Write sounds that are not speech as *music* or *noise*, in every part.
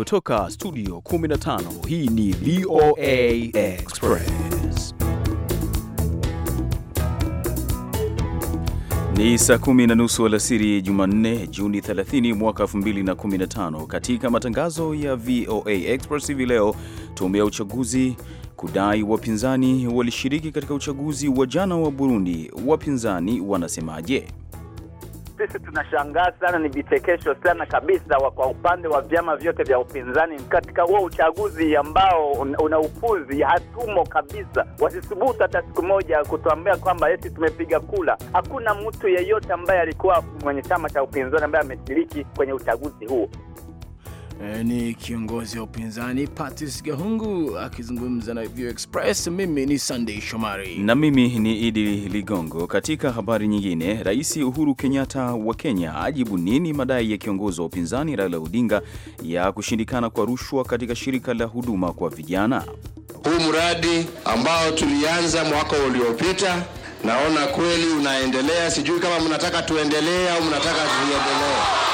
Kutoka studio 15 hii ni VOA Express. Ni saa kumi na nusu alasiri Jumanne, Juni 30 mwaka 2015. Katika matangazo ya VOA Express hivi leo, tume ya uchaguzi kudai wapinzani walishiriki katika uchaguzi wa jana wa Burundi. Wapinzani wanasemaje? sisi tunashangaa sana, ni vichekesho sana kabisa wa kwa upande wa vyama vyote vya upinzani katika huo uchaguzi ambao una upuzi, hatumo kabisa. Wasithubutu hata siku moja kutuambia kwamba eti tumepiga kula. Hakuna mtu yeyote ambaye alikuwa mwenye chama cha upinzani ambaye ameshiriki kwenye uchaguzi huo. Eh, ni kiongozi wa upinzani Patis Gahungu akizungumza na View Express. Mimi ni Sunday Shomari na mimi ni Idi Ligongo. Katika habari nyingine, Rais Uhuru Kenyatta wa Kenya ajibu nini madai ya kiongozi wa upinzani Raila Odinga ya kushindikana kwa rushwa katika shirika la huduma kwa vijana? Huu mradi ambao tulianza mwaka uliopita naona kweli unaendelea, sijui kama mnataka tuendelee au mnataka tuendelee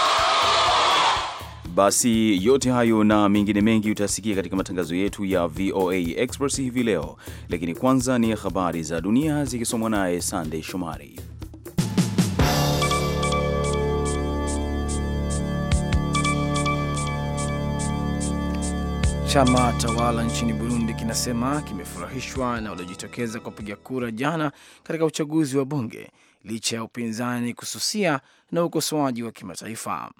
basi yote hayo na mengine mengi utasikia katika matangazo yetu ya VOA Express hivi leo, lakini kwanza ni habari za dunia zikisomwa naye Sandey Shomari. Chama tawala nchini Burundi kinasema kimefurahishwa na waliojitokeza kupiga kura jana katika uchaguzi wa bunge licha ya upinzani kususia na ukosoaji wa kimataifa.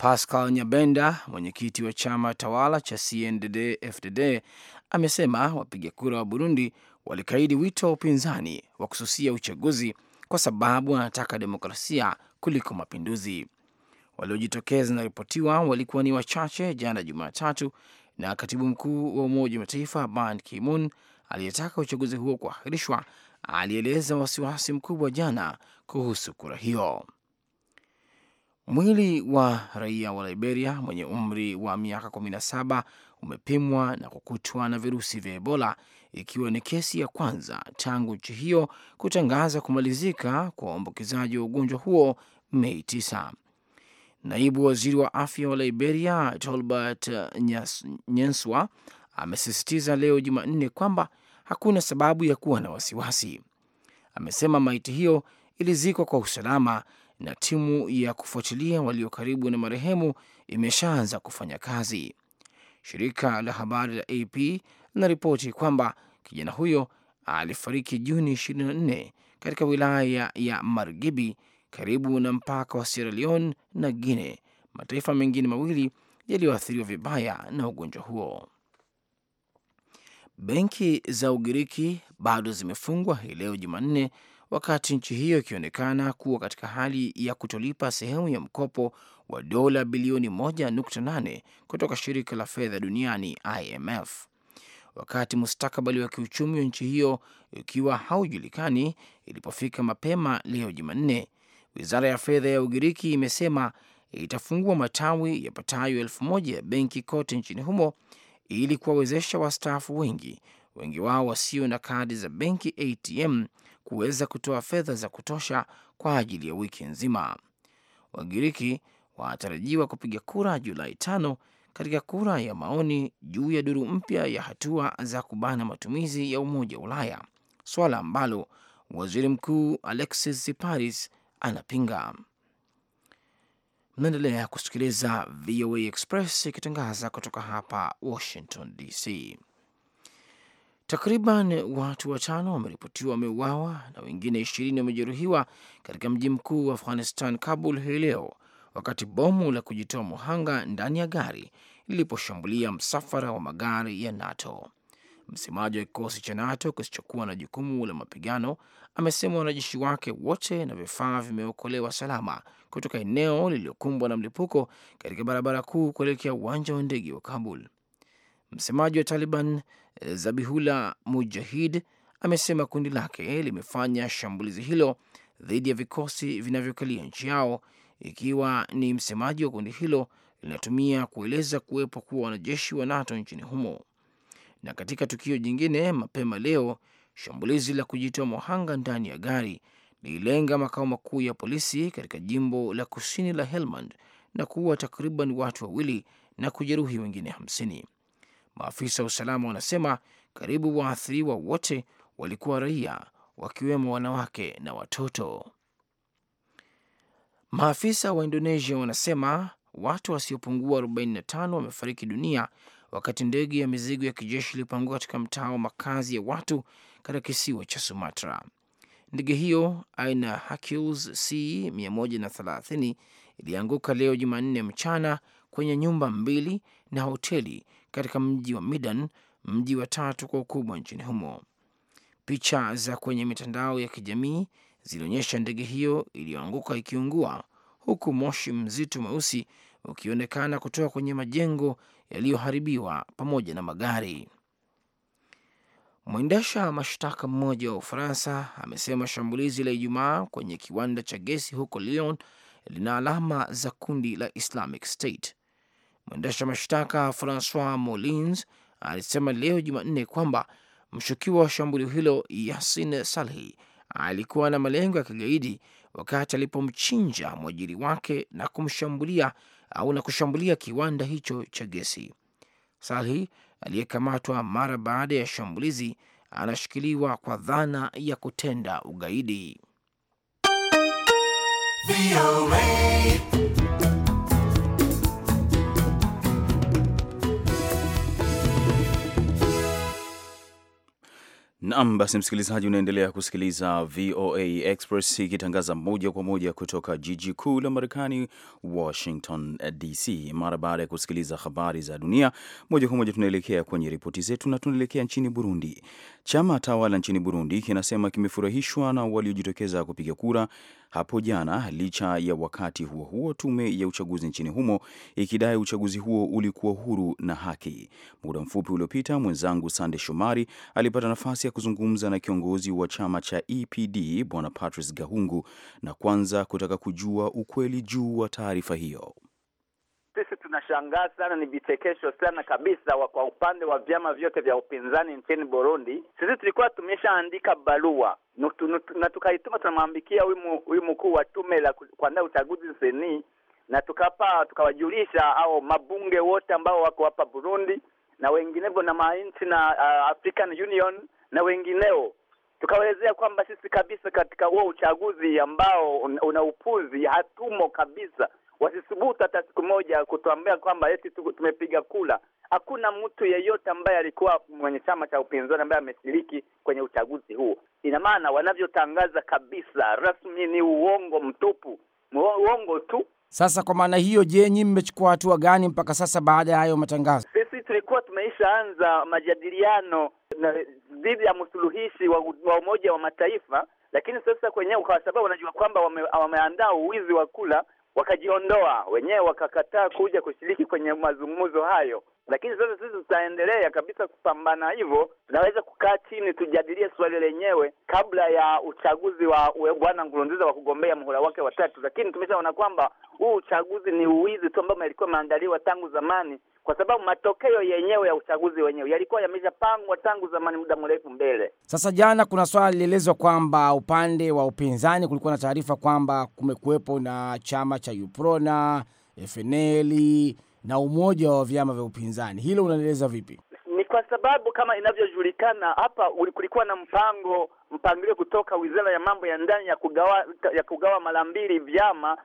Pascal Nyabenda, mwenyekiti wa chama tawala cha CNDD-FDD, amesema wapiga kura wa Burundi walikaidi wito wa upinzani wa kususia uchaguzi kwa sababu wanataka demokrasia kuliko mapinduzi. Waliojitokeza inaripotiwa walikuwa ni wachache jana Jumatatu, na katibu mkuu wa Umoja wa Mataifa Ban Ki-moon aliyetaka uchaguzi huo kuahirishwa alieleza wasiwasi mkubwa jana kuhusu kura hiyo. Mwili wa raia wa Liberia mwenye umri wa miaka 17 umepimwa na kukutwa na virusi vya Ebola, ikiwa ni kesi ya kwanza tangu nchi hiyo kutangaza kumalizika kwa uambukizaji wa ugonjwa huo Mei 9. Naibu waziri wa afya wa Liberia Tolbert Nyenswa amesisitiza leo Jumanne kwamba hakuna sababu ya kuwa na wasiwasi. Amesema maiti hiyo ilizikwa kwa usalama na timu ya kufuatilia walio karibu na marehemu imeshaanza kufanya kazi. Shirika la habari la AP linaripoti kwamba kijana huyo alifariki Juni 24 katika wilaya ya Margibi karibu na mpaka wa Sierra Leone na Guine, mataifa mengine mawili yaliyoathiriwa vibaya na ugonjwa huo. Benki za Ugiriki bado zimefungwa hii leo Jumanne wakati nchi hiyo ikionekana kuwa katika hali ya kutolipa sehemu ya mkopo wa dola bilioni 1.8 kutoka shirika la fedha duniani IMF. Wakati mustakabali wa kiuchumi wa nchi hiyo ikiwa haujulikani ilipofika mapema leo Jumanne, wizara ya fedha ya Ugiriki imesema itafungua matawi yapatayo elfu moja ya benki kote nchini humo ili kuwawezesha wastaafu wengi, wengi wao wasio na kadi za benki ATM kuweza kutoa fedha za kutosha kwa ajili ya wiki nzima. Wagiriki wanatarajiwa kupiga kura Julai tano katika kura ya maoni juu ya duru mpya ya hatua za kubana matumizi ya Umoja wa Ulaya, swala ambalo waziri mkuu Alexis Tsipras anapinga. Mnaendelea kusikiliza VOA Express ikitangaza kutoka hapa Washington DC. Takriban watu watano wameripotiwa wameuawa na wengine ishirini wamejeruhiwa katika mji mkuu wa Afghanistan, Kabul, hii leo wakati bomu la kujitoa muhanga ndani ya gari liliposhambulia msafara wa magari ya NATO. Msemaji wa kikosi cha NATO kisichokuwa na jukumu la mapigano amesema wanajeshi wake wote na vifaa vimeokolewa salama kutoka eneo lililokumbwa na mlipuko katika barabara kuu kuelekea uwanja wa ndege wa Kabul. Msemaji wa Taliban Zabihullah Mujahid amesema kundi lake limefanya shambulizi hilo dhidi ya vikosi vinavyokalia nchi yao, ikiwa ni msemaji wa kundi hilo linatumia kueleza kuwepo kuwa wanajeshi wa NATO nchini humo. Na katika tukio jingine, mapema leo, shambulizi la kujitoa muhanga ndani ya gari lililenga makao makuu ya polisi katika jimbo la kusini la Helmand na kuua takriban watu wawili na kujeruhi wengine hamsini. Maafisa wa usalama wanasema karibu waathiriwa wote walikuwa raia, wakiwemo wanawake na watoto. Maafisa wa Indonesia wanasema watu wasiopungua 45 wamefariki dunia wakati ndege ya mizigo ya kijeshi ilipangua katika mtaa wa makazi ya watu katika kisiwa cha Sumatra. Ndege hiyo aina ya Hercules C 130 ilianguka leo Jumanne mchana kwenye nyumba mbili na hoteli katika mji wa Midan, mji wa tatu kwa ukubwa nchini humo. Picha za kwenye mitandao ya kijamii zilionyesha ndege hiyo iliyoanguka ikiungua huku moshi mzito mweusi ukionekana kutoka kwenye majengo yaliyoharibiwa pamoja na magari. Mwendesha mashtaka mmoja wa Ufaransa amesema shambulizi la Ijumaa kwenye kiwanda cha gesi huko Lyon lina alama za kundi la Islamic State. Mwendesha mashtaka Francois Molins alisema leo Jumanne kwamba mshukiwa wa shambulio hilo Yasin Salhi alikuwa na malengo ya kigaidi wakati alipomchinja mwajiri wake na kumshambulia au na kushambulia kiwanda hicho cha gesi. Salhi aliyekamatwa mara baada ya shambulizi anashikiliwa kwa dhana ya kutenda ugaidi. nam basi msikilizaji, unaendelea kusikiliza VOA Express ikitangaza moja kwa moja kutoka jiji kuu la Marekani, Washington eh, DC. Mara baada ya kusikiliza habari za dunia moja kwa moja, tunaelekea kwenye ripoti zetu na tunaelekea nchini Burundi. Chama tawala nchini Burundi kinasema kimefurahishwa na waliojitokeza kupiga kura hapo jana, licha ya wakati huo huo tume ya uchaguzi nchini humo ikidai uchaguzi huo ulikuwa huru na haki. Muda mfupi uliopita, mwenzangu Sande Shomari alipata nafasi ya kuzungumza na kiongozi wa chama cha EPD Bwana Patrice Gahungu, na kwanza kutaka kujua ukweli juu wa taarifa hiyo tunashangaa sana, ni vichekesho sana kabisa wa kwa upande wa vyama vyote vya upinzani nchini Burundi. Sisi tulikuwa tumeshaandika barua na tukaituma, tunamwambikia huyu mkuu wa tume la kuandaa uchaguzi seni, na tukapa tukawajulisha au mabunge wote ambao wako hapa Burundi na wenginevyo na mainchi na uh, African Union na wengineo tukawaelezea kwamba sisi kabisa katika huo uchaguzi ambao una upuzi hatumo kabisa, wasithubutu hata siku moja kutuambia kwamba eti tumepiga kula. Hakuna mtu yeyote ambaye alikuwa mwenye chama cha upinzani ambaye ameshiriki kwenye uchaguzi huo Ina maana wanavyotangaza kabisa rasmi ni uongo mtupu, uongo tu. Sasa kwa maana hiyo, je, nyinyi mmechukua hatua gani mpaka sasa baada ya hayo matangazo? Sisi tulikuwa tumeishaanza majadiliano dhidi ya msuluhishi wa, wa Umoja wa Mataifa, lakini sasa kwenyewe kwa sababu wanajua kwamba wame, uwizi wa kula wakajiondoa wenyewe, wakakataa kuja kushiriki kwenye mazungumzo hayo. Lakini sasa sisi tutaendelea kabisa kupambana hivyo, tunaweza kukaa chini tujadilie swali lenyewe kabla ya uchaguzi wa bwana Nkurunziza wa kugombea muhula wake watatu. Lakini tumeshaona kwamba huu uchaguzi ni uwizi tu ambao ilikuwa imeandaliwa tangu zamani kwa sababu matokeo yenyewe ya uchaguzi wenyewe yalikuwa yameshapangwa tangu zamani, muda mrefu mbele. Sasa jana, kuna swala lilielezwa kwamba upande wa upinzani kulikuwa na taarifa kwamba kumekuwepo na chama cha UPRONA, FNL na umoja wa vyama vya upinzani. Hilo unaeleza vipi? Ni kwa sababu kama inavyojulikana hapa, kulikuwa na mpango mpangilio kutoka wizara ya mambo ya ndani ya kugawa ya kugawa mara mbili vyama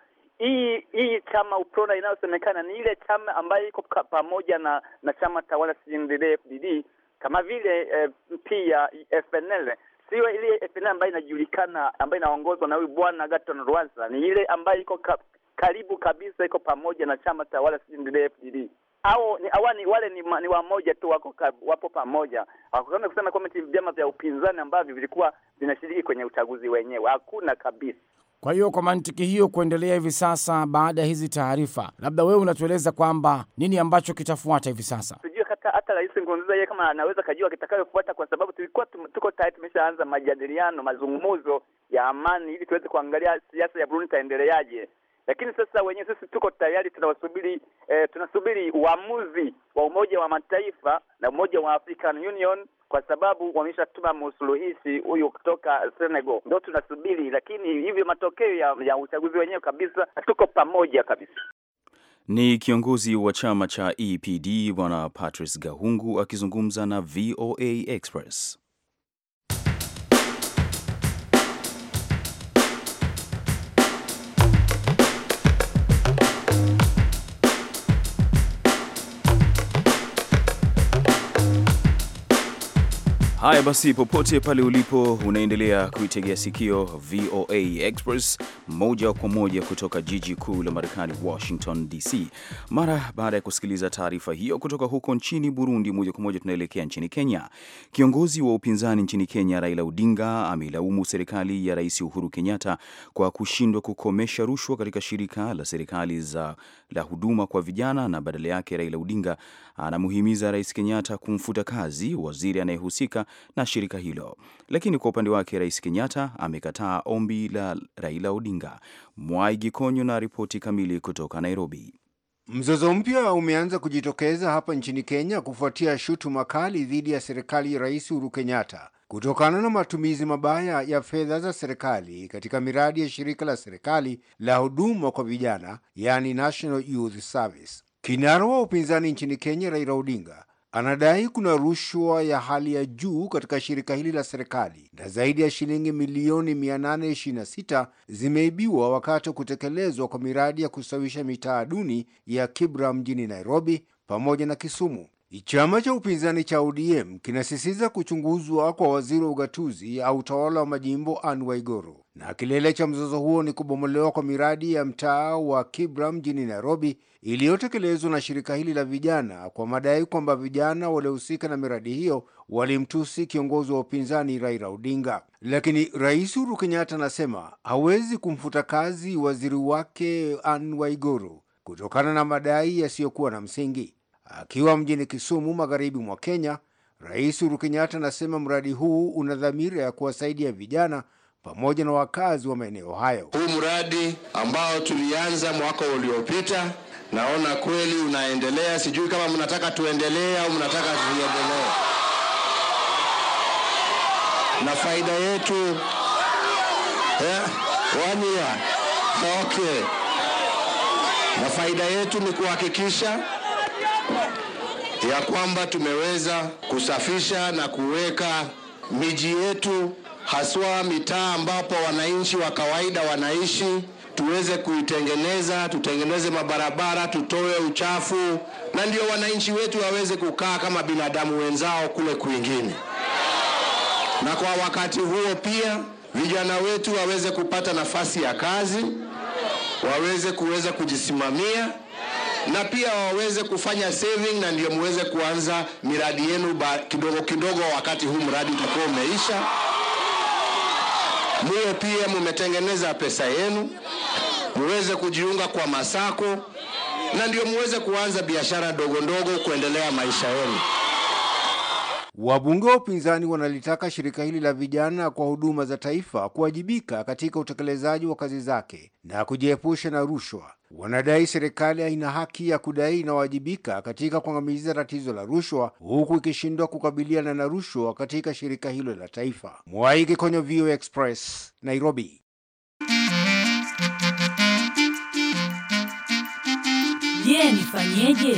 hii hii chama UPRONA inayosemekana ni ile chama ambayo iko pamoja na na chama tawala CNDD-FDD kama vile eh, pia FNL sio ile FNL ambayo inajulikana ambayo inaongozwa na huyu bwana Gaston Rwasa, ni ile ambayo iko ka, karibu kabisa iko pamoja na chama tawala CNDD-FDD. Au ni awani wale ni, ni wamoja tu wako wapo pamoja. Hakuna kusema kwamba vyama vya upinzani ambavyo vilikuwa vinashiriki kwenye uchaguzi wenyewe, hakuna kabisa. Kwa hiyo kwa mantiki hiyo, kuendelea hivi sasa baada ya hizi taarifa, labda wewe unatueleza kwamba nini ambacho kitafuata hivi sasa? Sijui hata hata Rais Nkurunziza yeye kama anaweza kajua kitakayofuata, kwa sababu tulikuwa tuko tayari tumeshaanza majadiliano, mazungumzo ya amani ili tuweze kuangalia siasa ya Burundi itaendeleaje lakini sasa wenyewe sisi tuko tayari tunawasubiri, eh, tunasubiri uamuzi wa Umoja wa Mataifa na Umoja wa African Union kwa sababu wameshatuma msuluhisi huyu kutoka Senegal, ndo tunasubiri. Lakini hivyo matokeo ya, ya uchaguzi wenyewe kabisa, hatuko pamoja kabisa. Ni kiongozi wa chama cha EPD Bwana Patrice Gahungu akizungumza na VOA Express. Haya basi, popote pale ulipo, unaendelea kuitegea sikio VOA Express moja kwa moja kutoka jiji kuu la Marekani, Washington DC. Mara baada ya kusikiliza taarifa hiyo kutoka huko nchini Burundi, moja kwa moja tunaelekea nchini Kenya. Kiongozi wa upinzani nchini Kenya Raila Odinga ameilaumu serikali ya Rais Uhuru Kenyatta kwa kushindwa kukomesha rushwa katika shirika la serikali za la huduma kwa vijana, na badala yake Raila Odinga anamuhimiza Rais Kenyatta kumfuta kazi waziri anayehusika na shirika hilo. Lakini kwa upande wake, Rais Kenyatta amekataa ombi la Raila Odinga. Mwai Gikonyo na ripoti kamili kutoka Nairobi. Mzozo mpya umeanza kujitokeza hapa nchini Kenya kufuatia shutuma kali dhidi ya serikali ya Rais Uhuru Kenyatta kutokana na matumizi mabaya ya fedha za serikali katika miradi ya shirika la serikali la huduma kwa vijana, yani National Youth Service. Kinara wa upinzani nchini Kenya Raila Odinga anadai kuna rushwa ya hali ya juu katika shirika hili la serikali na zaidi ya shilingi milioni 826 zimeibiwa wakati wa kutekelezwa kwa miradi ya kusawisha mitaa duni ya Kibra mjini Nairobi pamoja na Kisumu. Chama cha upinzani cha ODM kinasisitiza kuchunguzwa kwa waziri wa ugatuzi au utawala wa majimbo Anne Waiguru, na kilele cha mzozo huo ni kubomolewa kwa miradi ya mtaa wa Kibra mjini Nairobi iliyotekelezwa na shirika hili la vijana kwa madai kwamba vijana waliohusika na miradi hiyo walimtusi kiongozi wa upinzani Raila Odinga. Lakini Rais Uhuru Kenyatta anasema hawezi kumfuta kazi waziri wake Anne Waiguru kutokana na madai yasiyokuwa na msingi. Akiwa mjini Kisumu, magharibi mwa Kenya, Rais Uhuru Kenyatta anasema mradi huu una dhamira ya kuwasaidia vijana pamoja na wakazi wa maeneo hayo. Huu mradi ambao tulianza mwaka uliopita, naona kweli unaendelea. Sijui kama mnataka tuendelee au mnataka tusiendelee. Na faida yetu yeah, one year. Okay. Na faida yetu ni kuhakikisha ya kwamba tumeweza kusafisha na kuweka miji yetu haswa mitaa ambapo wananchi wa kawaida wanaishi, tuweze kuitengeneza, tutengeneze mabarabara, tutoe uchafu, na ndio wananchi wetu waweze kukaa kama binadamu wenzao kule kwingine. Na kwa wakati huo pia vijana wetu waweze kupata nafasi ya kazi, waweze kuweza kujisimamia na pia waweze kufanya saving, na ndio muweze kuanza miradi yenu kidogo kidogo, wakati huu mradi utakuwa umeisha, muwe pia mumetengeneza pesa yenu, muweze kujiunga kwa masako, na ndio muweze kuanza biashara ndogo ndogo, kuendelea maisha yenu. Wabunge wa upinzani wanalitaka shirika hili la vijana kwa huduma za taifa kuwajibika katika utekelezaji wa kazi zake na kujiepusha na rushwa. Wanadai serikali haina haki ya kudai inawajibika katika kuangamiza tatizo la rushwa, huku ikishindwa kukabiliana na rushwa katika shirika hilo la taifa. Mwaiki kwenye VOA Express, Nairobi. Je, nifanyeje?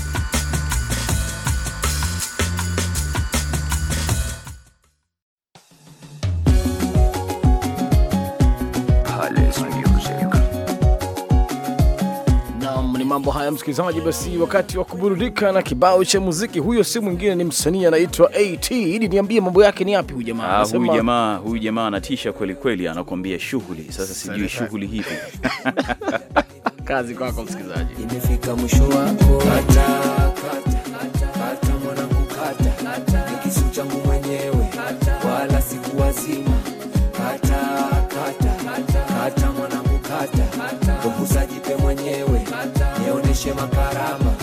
msikilizaji, basi wakati wa kuburudika na kibao cha muziki. Huyo si mwingine ni msanii anaitwa AT. Ili niambie mambo yake ni yapi huyu jamaa? Ah, huyu jamaa huyu jamaa anatisha kweli kweli, anakuambia shughuli. Sasa sijui shughuli hivi *laughs* Kazi kwako msikilizaji, imefika mwisho wako, kata kata kata, mwanangu kata, ni kisu changu mwenyewe, wala sikuwazima chama caramba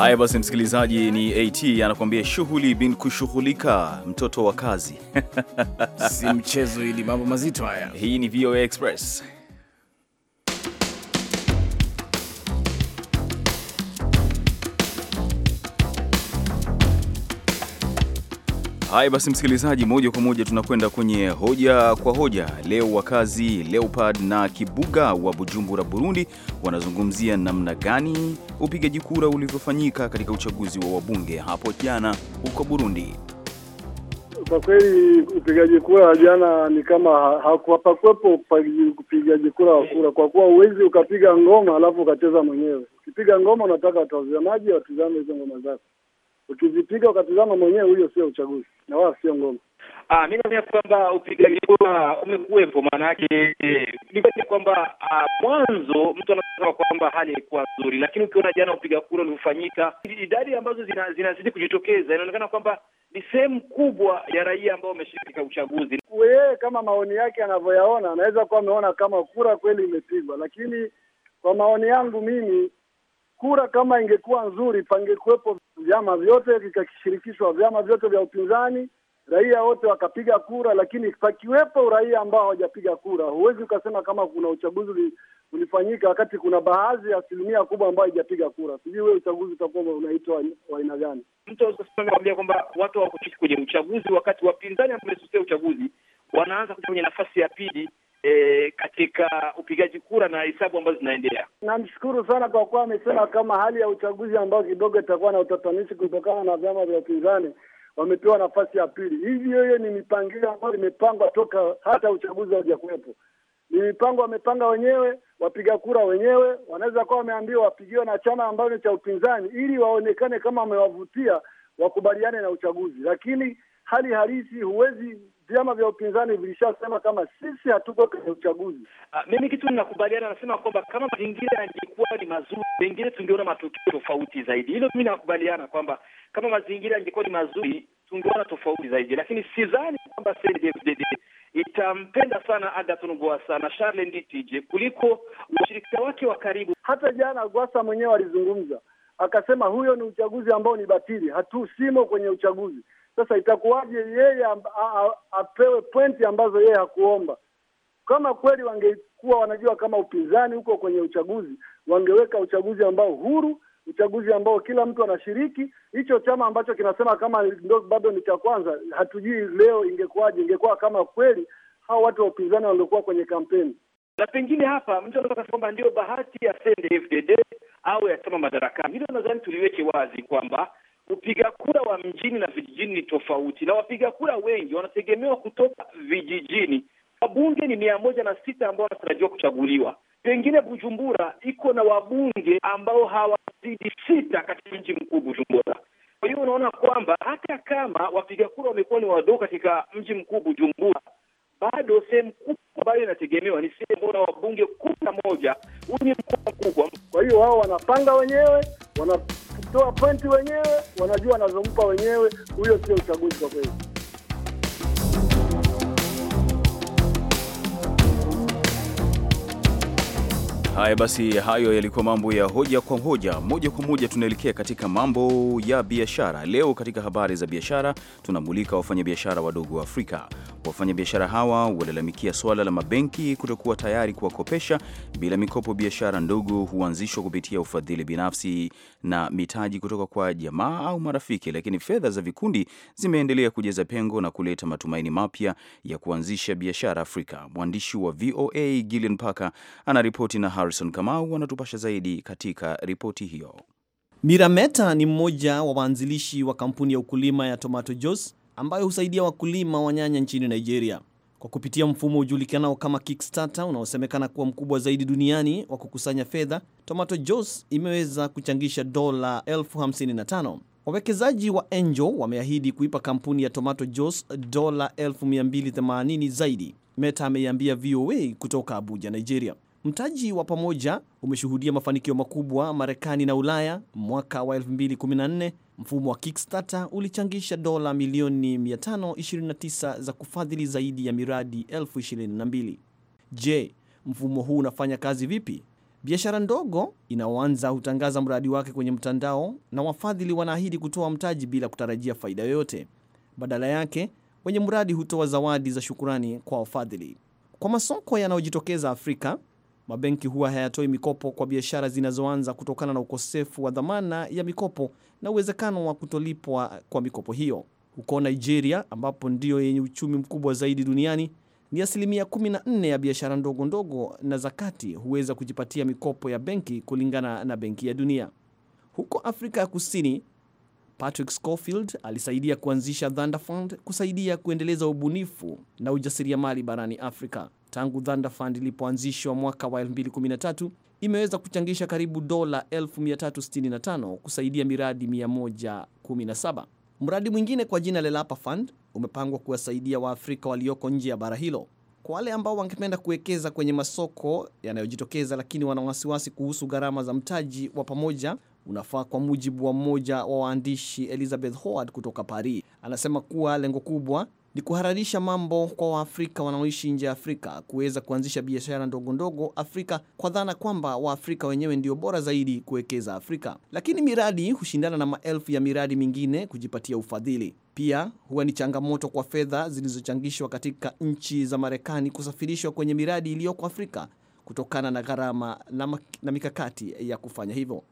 Haya basi, msikilizaji, ni AT anakuambia shughuli bin kushughulika, mtoto wa kazi *laughs* si mchezo, ili mambo mazito haya. Hii ni VOA Express. Haya basi, msikilizaji, moja kwa moja tunakwenda kwenye hoja kwa hoja. Leo wakazi Leopard na Kibuga wa Bujumbura, Burundi, wanazungumzia namna gani upigaji kura ulivyofanyika katika uchaguzi wa wabunge hapo jana huko Burundi. Kwa kweli upigaji kura jana ni kama hapakuwepo upigaji kura wa kura, kwa kuwa huwezi ukapiga ngoma alafu ukacheza mwenyewe. Ukipiga ngoma, unataka watazamaji watizame hizo ngoma zako ukizipiga ukatizama mwenyewe, huyo sio uchaguzi na wala sio ngoma. Ah, mimi naona kwamba upigaji kura umekuwepo, maana yake eh, ni kwamba ah, mwanzo mtu anasema kwamba hali ilikuwa nzuri, lakini ukiona jana upiga kura uliofanyika, idadi ambazo zinazidi zina kujitokeza, inaonekana kwamba ni sehemu kubwa ya raia ambao wameshiriki katika uchaguzi. Yeye kama maoni yake anavyoyaona, anaweza kuwa ameona kama kura kweli imepigwa, lakini kwa maoni yangu mimi kura kama ingekuwa nzuri, pangekuwepo vyama vyote vikashirikishwa, vyama vyote vya upinzani, raia wote wakapiga kura. Lakini pakiwepo raia ambao hawajapiga kura, huwezi ukasema kama kuna uchaguzi ulifanyika wakati kuna baadhi ya asilimia kubwa ambayo haijapiga kura. Sijui wewe uchaguzi utakuwa unaitwa wa aina gani? Mtu anaambia kwamba watu hawakushiriki kwenye uchaguzi, wakati wapinzani ambao wamesusia uchaguzi wanaanza kwenye nafasi ya pili E, katika upigaji kura na hesabu ambazo zinaendelea. Namshukuru sana kwa kuwa amesema kama hali ya uchaguzi ambao kidogo itakuwa na utatanishi kutokana na vyama vya upinzani wamepewa nafasi ya pili. Hivyo hiyo ni mipangilio ambayo imepangwa toka hata uchaguzi haujakuwepo. Ni mipango wamepanga wenyewe, wapiga kura wenyewe wanaweza kuwa wameambiwa wapigiwe na chama ambayo ni cha upinzani, ili waonekane kama wamewavutia wakubaliane na uchaguzi, lakini hali halisi huwezi vyama vya upinzani vilishasema kama sisi hatuko kwenye uchaguzi. Ah, mimi kitu ninakubaliana, nasema kwamba kama mazingira yangekuwa ni mazuri, pengine tungeona matokeo tofauti zaidi. Hilo mimi nakubaliana kwamba kama mazingira yangekuwa ni mazuri, tungeona tofauti zaidi, lakini sidhani kwamba itampenda sana Agaton Gwasa na Charles Nditije kuliko washirika wake wa karibu. Hata jana Gwasa mwenyewe alizungumza akasema, huyo ni uchaguzi ambao ni batili, hatusimo kwenye uchaguzi. Sasa itakuwaje yeye apewe pointi ambazo yeye hakuomba? Kama kweli wangekuwa wanajua kama upinzani huko kwenye uchaguzi, wangeweka uchaguzi ambao huru, uchaguzi ambao kila mtu anashiriki. Hicho chama ambacho kinasema kama ndo bado ni cha kwanza, hatujui leo ingekuwaje, ingekuwa kama kweli hao watu wa upinzani waliokuwa kwenye kampeni. Na pengine hapa mtu anaweza kusema kwamba ndio bahati ya CNDD-FDD au ya chama madarakani. Hilo nadhani tuliweke wazi kwamba Upiga kura wa mjini na vijijini ni tofauti, na wapiga kura wengi wanategemewa kutoka vijijini. Wabunge ni mia moja na sita ambao wanatarajiwa kuchaguliwa. Pengine Bujumbura iko na wabunge ambao hawazidi sita katika mji mkuu Bujumbura. Kwa hiyo unaona kwamba hata kama wapiga kura wamekuwa ni wadogo katika mji mkuu Bujumbura, bado sehemu kubwa ambayo inategemewa ni sehemu na wabunge kumi na moja. Huu ni mkoa mkubwa, kwa hiyo wao wanapanga wenyewe wana wanajitoa pointi wenyewe, wanajua wanazompa wenyewe. Huyo sio uchaguzi kwa kweli. Haya basi, hayo yalikuwa mambo ya hoja kwa hoja. Moja kwa moja tunaelekea katika mambo ya biashara. Leo katika habari za biashara tunamulika wafanyabiashara wadogo wa Afrika. Wafanyabiashara hawa walalamikia swala la mabenki kutokuwa tayari kuwakopesha bila mikopo. Biashara ndogo huanzishwa kupitia ufadhili binafsi na mitaji kutoka kwa jamaa au marafiki, lakini fedha za vikundi zimeendelea kujaza pengo na kuleta matumaini mapya ya kuanzisha biashara Afrika. Mwandishi wa VOA Gillian Parker anaripoti na Harrison Kamau anatupasha zaidi katika ripoti hiyo. Mirameta ni mmoja wa waanzilishi wa kampuni ya ukulima ya Tomato jos ambayo husaidia wakulima wa nyanya nchini Nigeria kwa kupitia mfumo ujulikanao kama Kickstarter unaosemekana kuwa mkubwa zaidi duniani wa kukusanya fedha. Tomato jos imeweza kuchangisha dola elfu hamsini na tano. Wawekezaji wa Angel wameahidi kuipa kampuni ya Tomato jos dola 280 zaidi, Meta ameiambia VOA kutoka Abuja, Nigeria. Mtaji wa pamoja umeshuhudia mafanikio makubwa Marekani na Ulaya. Mwaka wa 2014 mfumo wa Kickstarter ulichangisha dola milioni 529 za kufadhili zaidi ya miradi 22. Je, mfumo huu unafanya kazi vipi? Biashara ndogo inaoanza hutangaza mradi wake kwenye mtandao na wafadhili wanaahidi kutoa mtaji bila kutarajia faida yoyote. Badala yake, wenye mradi hutoa zawadi za shukurani kwa wafadhili. Kwa masoko yanayojitokeza Afrika, mabenki huwa hayatoi mikopo kwa biashara zinazoanza kutokana na ukosefu wa dhamana ya mikopo na uwezekano wa kutolipwa kwa mikopo hiyo. Huko Nigeria, ambapo ndiyo yenye uchumi mkubwa zaidi duniani, ni asilimia 14 ya biashara ndogo ndogo na za kati huweza kujipatia mikopo ya benki kulingana na Benki ya Dunia. Huko Afrika ya Kusini, Patrick Schofield alisaidia kuanzisha Thunder Fund kusaidia kuendeleza ubunifu na ujasiriamali barani Afrika. Tangu Thunder Fund ilipoanzishwa mwaka wa 2013 imeweza kuchangisha karibu dola 365 kusaidia miradi 117. Mradi mwingine kwa jina Lelapa Fund umepangwa kuwasaidia Waafrika walioko nje ya bara hilo. Kwa wale ambao wangependa kuwekeza kwenye masoko yanayojitokeza, lakini wana wasiwasi kuhusu gharama za mtaji wa pamoja unafaa, kwa mujibu wa mmoja wa waandishi Elizabeth Howard kutoka Paris. Anasema kuwa lengo kubwa ni kuhararisha mambo kwa Waafrika wanaoishi nje ya Afrika kuweza kuanzisha biashara ndogo ndogo Afrika kwa dhana kwamba Waafrika wenyewe ndio bora zaidi kuwekeza Afrika, lakini miradi hushindana na maelfu ya miradi mingine kujipatia ufadhili. Pia huwa ni changamoto kwa fedha zilizochangishwa katika nchi za Marekani kusafirishwa kwenye miradi iliyoko Afrika kutokana na gharama na, na mikakati ya kufanya hivyo.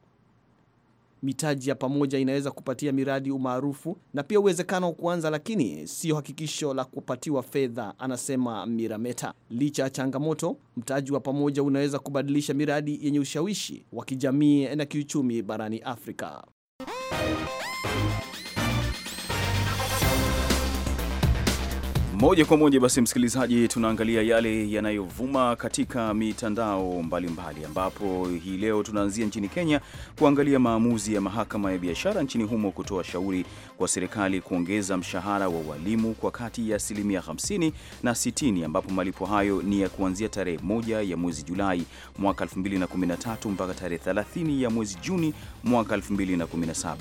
Mitaji ya pamoja inaweza kupatia miradi umaarufu na pia uwezekano wa kuanza, lakini siyo hakikisho la kupatiwa fedha, anasema Mirameta. Licha ya changamoto, mtaji wa pamoja unaweza kubadilisha miradi yenye ushawishi wa kijamii na kiuchumi barani Afrika. Moja kwa moja basi, msikilizaji, tunaangalia yale yanayovuma katika mitandao mbalimbali mbali, ambapo hii leo tunaanzia nchini Kenya kuangalia maamuzi ya mahakama ya biashara nchini humo kutoa shauri kwa serikali kuongeza mshahara wa walimu kwa kati ya asilimia 50 na 60, ambapo malipo hayo ni ya kuanzia tarehe moja ya mwezi Julai mwaka 2013 mpaka tarehe 30 ya mwezi Juni mwaka 2017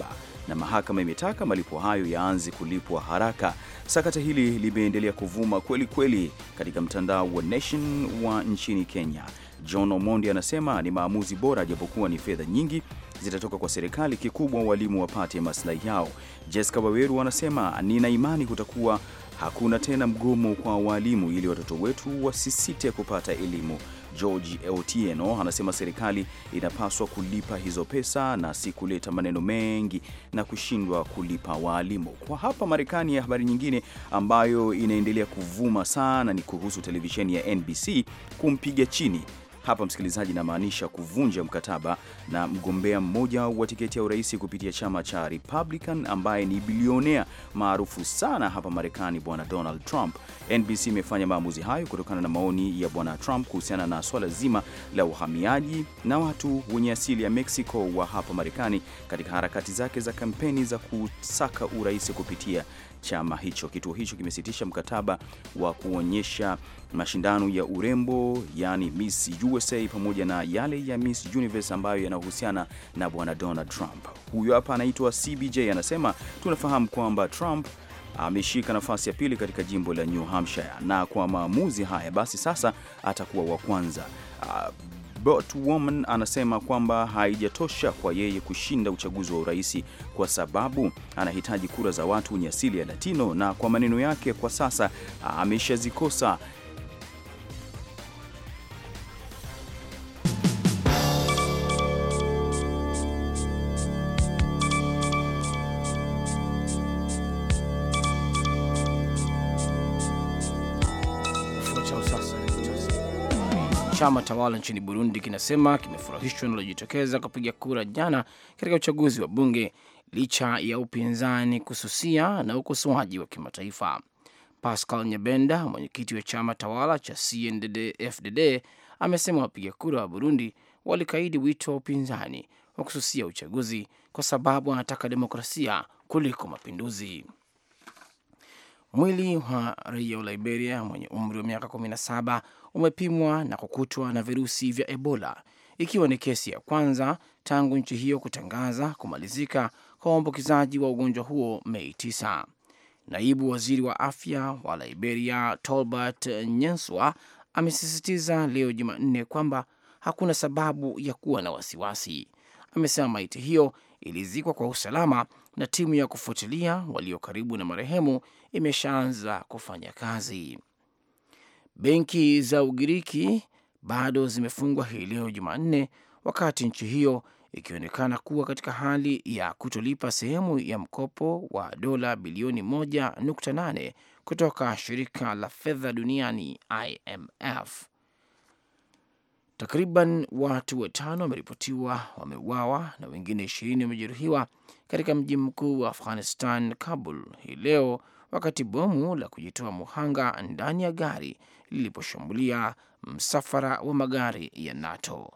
na mahakama imetaka malipo hayo yaanze kulipwa haraka. Sakata hili limeendelea kuvuma kweli kweli katika mtandao wa Nation wa nchini Kenya. John Omondi anasema ni maamuzi bora, japokuwa ni fedha nyingi zitatoka kwa serikali, kikubwa walimu wapate maslahi yao. Jessica Waweru anasema nina imani kutakuwa hakuna tena mgomo kwa walimu, ili watoto wetu wasisite kupata elimu. George Otieno anasema serikali inapaswa kulipa hizo pesa na si kuleta maneno mengi na kushindwa kulipa waalimu. Kwa hapa Marekani, ya habari nyingine ambayo inaendelea kuvuma sana ni kuhusu televisheni ya NBC kumpiga chini hapa msikilizaji, namaanisha kuvunja mkataba na mgombea mmoja wa tiketi ya urais kupitia chama cha Republican ambaye ni bilionea maarufu sana hapa Marekani, bwana Donald Trump. NBC imefanya maamuzi hayo kutokana na maoni ya bwana Trump kuhusiana na swala zima la uhamiaji na watu wenye asili ya Mexico wa hapa Marekani katika harakati zake za kampeni za kusaka urais kupitia chama hicho. Kituo hicho kimesitisha mkataba wa kuonyesha mashindano ya urembo yani Miss USA pamoja na yale ya Miss Universe ambayo yanahusiana na bwana Donald Trump. Huyo hapa anaitwa CBJ, anasema tunafahamu kwamba Trump ameshika nafasi ya pili katika jimbo la New Hampshire, na kwa maamuzi haya basi sasa atakuwa wa kwanza woman anasema kwamba haijatosha kwa yeye kushinda uchaguzi wa urais kwa sababu anahitaji kura za watu wenye asili ya Latino, na kwa maneno yake, kwa sasa ameshazikosa. Chama tawala nchini Burundi kinasema kimefurahishwa nalojitokeza kupiga kura jana katika uchaguzi wa bunge licha ya upinzani kususia na ukosoaji wa kimataifa. Pascal Nyabenda, mwenyekiti wa chama tawala cha CNDD-FDD, amesema wapiga kura wa Burundi walikaidi wito wa upinzani wa kususia uchaguzi kwa sababu wanataka demokrasia kuliko mapinduzi. Mwili wa raia wa Liberia mwenye umri wa miaka saba umepimwa na kukutwa na virusi vya Ebola, ikiwa ni kesi ya kwanza tangu nchi hiyo kutangaza kumalizika kwa uambukizaji wa ugonjwa huo Mei 9. Naibu waziri wa afya wa Liberia, Tolbert Nyenswa, amesisitiza leo Jumanne kwamba hakuna sababu ya kuwa na wasiwasi. Amesema maiti hiyo ilizikwa kwa usalama na timu ya kufuatilia walio karibu na marehemu imeshaanza kufanya kazi. Benki za Ugiriki bado zimefungwa hii leo Jumanne, wakati nchi hiyo ikionekana kuwa katika hali ya kutolipa sehemu ya mkopo wa dola bilioni 1.8 kutoka shirika la fedha duniani IMF. Takriban watu watano wameripotiwa wameuawa na wengine ishirini wamejeruhiwa katika mji mkuu wa Afghanistan, Kabul, hii leo wakati bomu la kujitoa muhanga ndani ya gari liliposhambulia msafara wa magari ya NATO.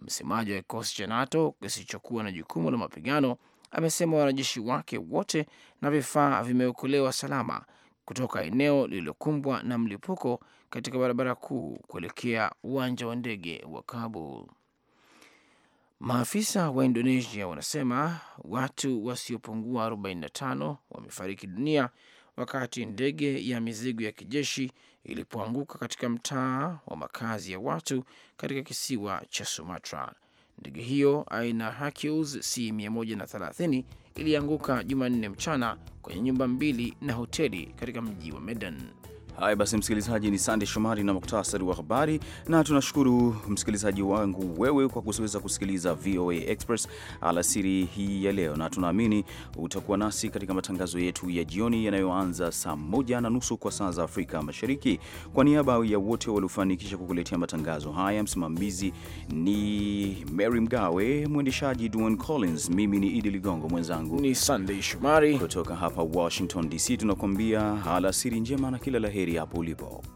Msemaji wa kikosi cha NATO kisichokuwa na jukumu la mapigano amesema wanajeshi wake wote na vifaa vimeokolewa salama kutoka eneo lililokumbwa na mlipuko katika barabara kuu kuelekea uwanja wa ndege wa Kabul. Maafisa wa Indonesia wanasema watu wasiopungua 45 wamefariki dunia wakati ndege ya mizigo ya kijeshi ilipoanguka katika mtaa wa makazi ya watu katika kisiwa cha Sumatra. Ndege hiyo aina Hercules C130 ilianguka Jumanne mchana kwenye nyumba mbili na hoteli katika mji wa Medan. Haya basi, msikilizaji, ni Sande Shomari na muktasari wa habari, na tunashukuru msikilizaji wangu wewe kwa kuweza kusikiliza VOA Express alasiri hii ya leo, na tunaamini utakuwa nasi katika matangazo yetu ya jioni yanayoanza saa moja na nusu kwa saa za Afrika Mashariki. Kwa niaba ya wote waliofanikisha kukuletea matangazo haya, msimamizi ni Mary Mgawe, mwendeshaji Duan Collins, mimi ni Idi Ligongo, mwenzangu ni Sande Shomari kutoka hapa Washington DC, tunakuambia alasiri njema na kila la heri. Valeria Bulibov.